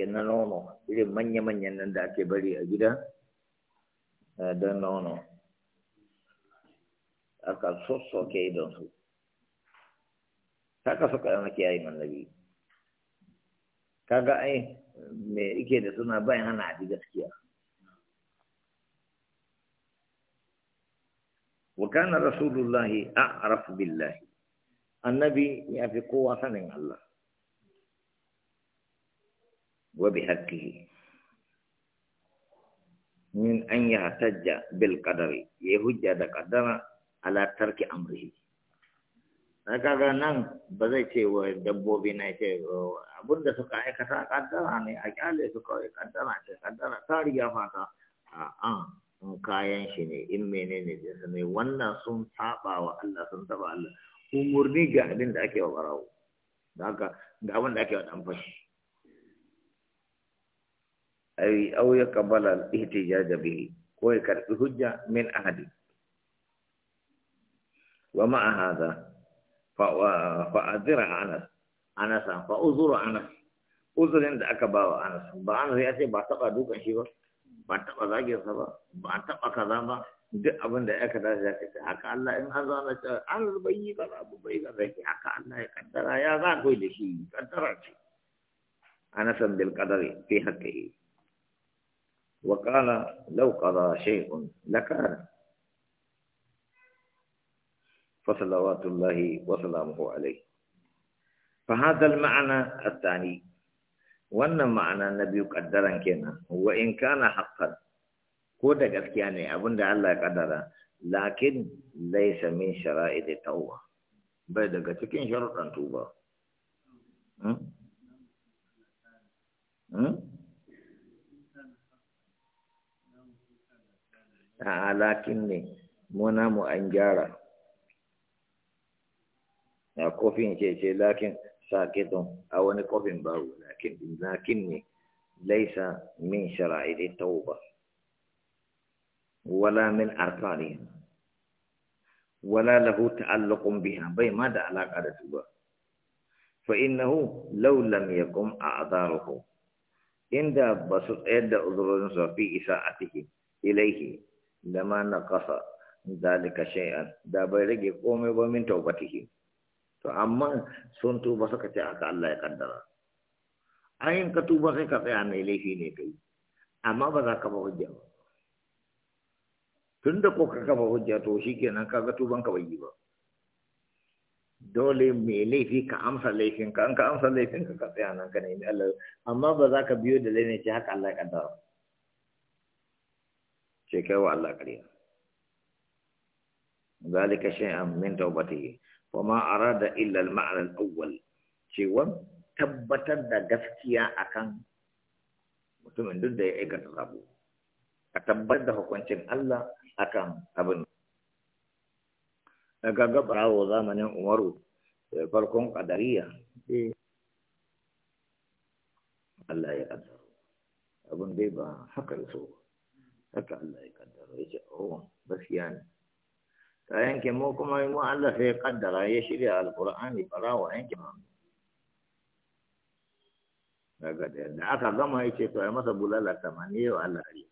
ke na nono irin manya-manyan nan da ake bari a gida eh, don nono aka sossoke idonsu haka suka yana kiyaye annabi kaga ai me ike da suna bayan hana a gaskiya wa kana rasulullahi a'raf billahi annabi ya fi kowa sanin Allah وبحقه من أن يحتج بالقدر يهج قدر على ترك أمره kaga nan ba zai ce wa dabbobi na ce abin da suka aikata kaddara ne a kyale su kawai kaddara ce kaddara ta riga fata a an kayan shi ne in menene su ne wannan sun saba wa Allah sun saba Allah umurni ga abin da ake wa barawo da haka ga abin da ake wa dan fashi ay aw yaqbala al-ihtijaj bihi ko ya karbi hujja min ahadi wa ma hadha fa fa adira anas anas fa uzura anas uzurin da aka bawa anas ba anas ya ce ba taba duka shi ba ba taba zage sa ba ba taba kaza ba duk abin da aka dace ya kace haka Allah in an zana ce an bai yi kaza abu bai kaza ki haka Allah ya kaddara ya za ko da shi kaddara ce anasan bil qadari fi haqqihi وقال لو قضى شيء لكان فصلوات الله وسلامه عليه فهذا المعنى الثاني وأن معنى النبي قدرا كنا وإن كان حقا كودا يعني أبن الله قدر لكن ليس من شرائط التوبة بيدك تكين شرط توبة 嗯嗯。Mm? a'a lakin ne muna mu an gyara a kofin ce ce lakin sakitun a wani kofin babu lakin ne laisa min shara'idai tauba wala min arfani wala lahu ta'allaqun biha bai ma da alaka da su ba fa innahu law lam yakum a'daruhu inda basu tsayar da uzurorin sa fi isa'atihi ilaihi lama na kasa zalika shay'an da bai rage komai ba min tawbatihi to amma sun tuba suka ce aka Allah ya kaddara ayin ka tuba sai ka tsaya mai laifi ne kai amma ba za ka ba hujja ba tun da ko ka kafa hujja to ka ga tuban ka bai yi ba dole mai laifi ka amsa laifinka an ka amsa laifinka ka tsaya nan ka nemi Allah amma ba za ka biyo da laifin ce haka Allah ya kaddara sai kai wa Allah ƙarya zalika shay'an min tawbatihi wa ma arada illa al-ma'na al-awwal cewa tabbatar da gaskiya akan mutumin duk da ya aikata rabu a tabbatar da hukuncin Allah akan abin daga gabarawo zamanin Umaru farkon kadariya Allah ya kaddara abin dai ba haka so haka Allah ya kaddara ya ce oh gaskiya ne ta yanke mu kuma mu Allah sai ya kaddara ya shirya alqur'ani farawa yanke mu daga da aka gama ya ce to ai masa bulala tamani wa Allah kare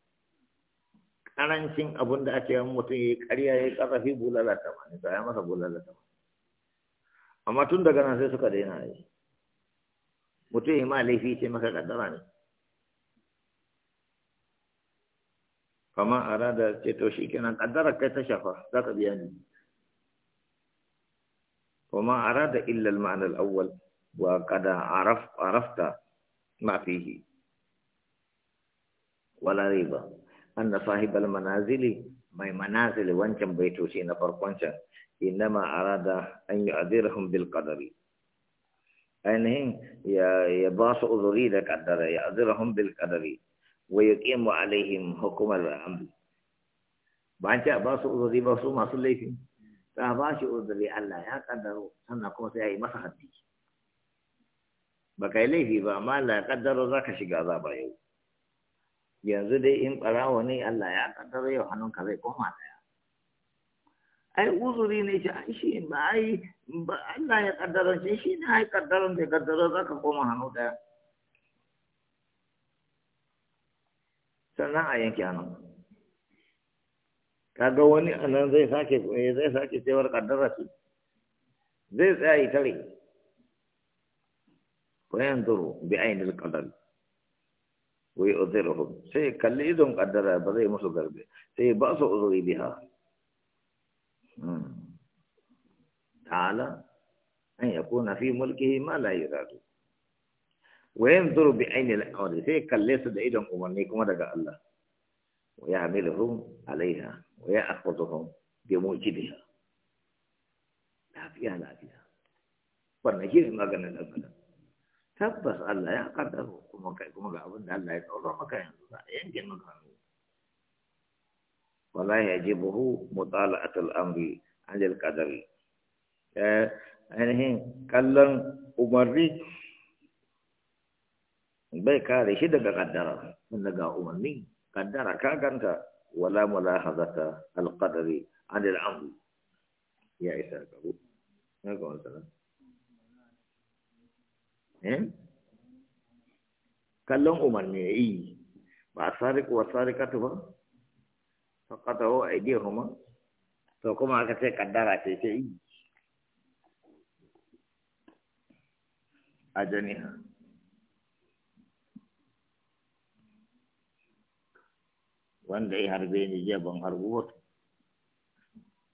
karancin abun da ake yin mutum ya karya ya karafi bulala tamani to ai masa bulala tamani amma tun daga nan sai suka daina yi mutum ya ma laifi ce maka kaddara ne فما أراد تيتوشي كان قدر كيف شخص يعني وما أراد إلا المعنى الأول وقد عرف عرفت ما فيه ولا ريب أن صاحب المنازل ما منازل وانتم بيتوشي نفر قنشا إنما أراد أن يعذرهم بالقدر أنهم يباس أذري لك يعذرهم بالقدر wa yuqimu alaihim hukumar amri ba an ce ba su uzuri ba su masu laifi ta ba shi uzuri Allah ya kaddaro sannan kuma sai ya yi masa haddi ba kai laifi ba amma la ya kaddaro za ka shiga azaba yau yanzu dai in barawo ne Allah ya kaddaro yau hannun ka zai koma daya ai uzuri ne shi ai shi ba ai Allah ya kaddaro shi shi ne ai kaddaro da kaddaro za ka koma hannu daya sannan a yanke hannu kaga wani a nan zai sake eh, zai sake cewar kaddara ce zai tsaya yi tare bayan zuru bi ainihin kadar wai uziruhum sai kalli idon kaddara ba zai musu garbe sai ba su uzuri biha hmm. ta'ala an yakuna fi mulkihi ma la yuradu wa yanzuru bi ainil amri sai kalle su da idon umarni kuma daga Allah wa ya'miluhum alaiha wa ya'khudhuhum bi mujibiha lafiya lafiya wannan shi ne maganin Allah tabbas Allah ya kaddara kuma kai kuma ga abin da Allah ya tsoro maka yanzu za a yanke maka hannu wala yajibuhu mutala'atul amri anil qadari eh ainihin kallon umarni bai kare shi daga kaddara daga umarni kaddara ka ganta wala mulahazata alqadari an al'amr ya isa kabu na ga wannan eh kallon umarni yi ba sariq wa sariqatu ba faqatahu aydihuma to kuma aka ce kaddara ce ce yi a wanda ya harbe ni jiya ban harbu ba